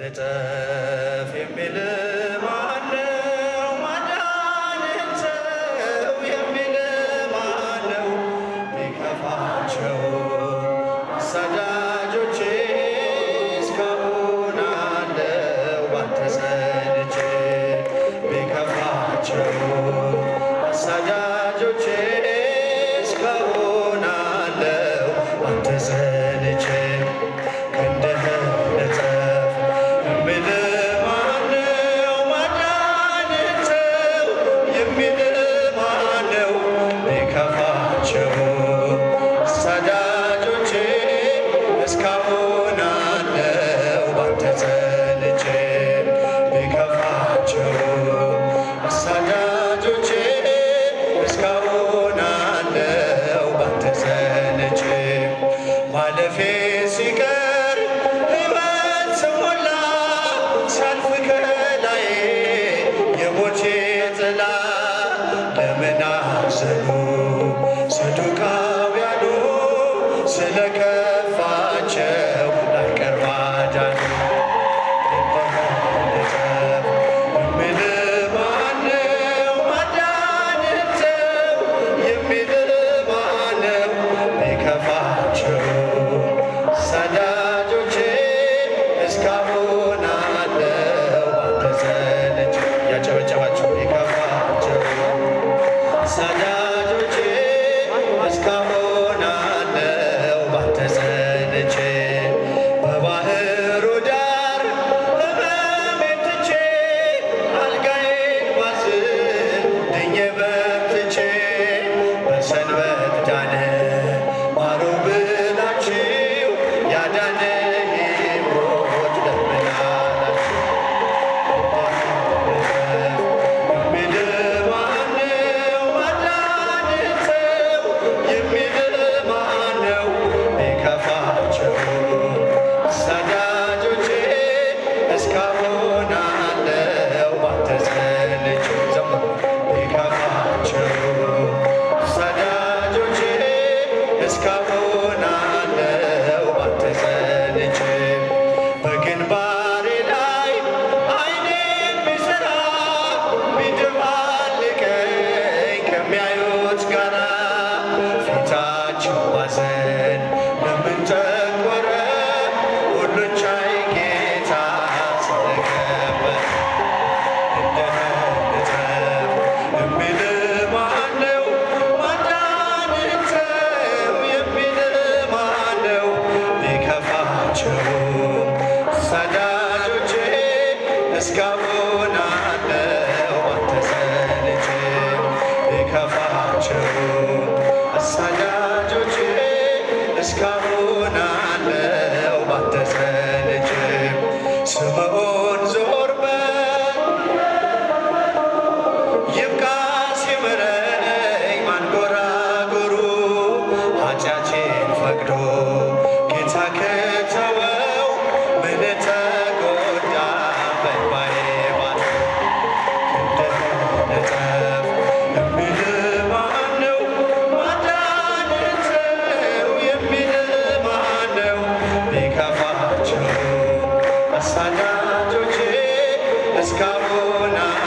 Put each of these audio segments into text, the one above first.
دتاف بلا 这一 ሰዳጆቼ እስካሁን አለው ባንተ ጸንቼ በባህሩ ዳር ህመሜን ትቼ አልጋዬን ባዝን ድኜ በርትቼ በሰንበት Let's go. to በሳዳጆቼ እስካሁን አለው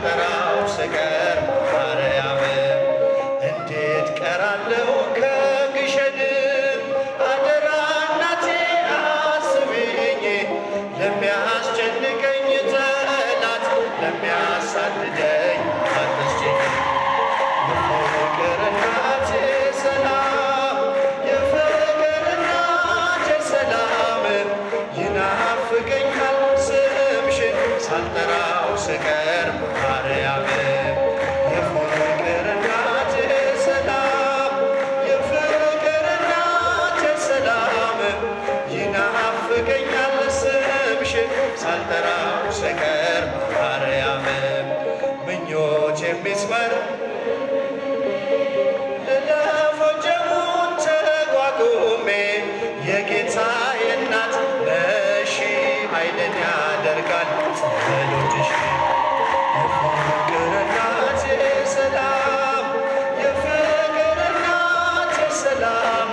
Tarantara.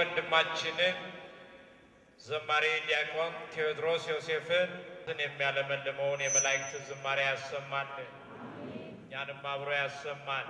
ወንድማችንን ዘማሪ ዲያቆን ቴዎድሮስ ዮሴፍን የሚያለመልመውን የመላእክት ዝማሬ ያሰማል፣ እኛንም አብሮ ያሰማል።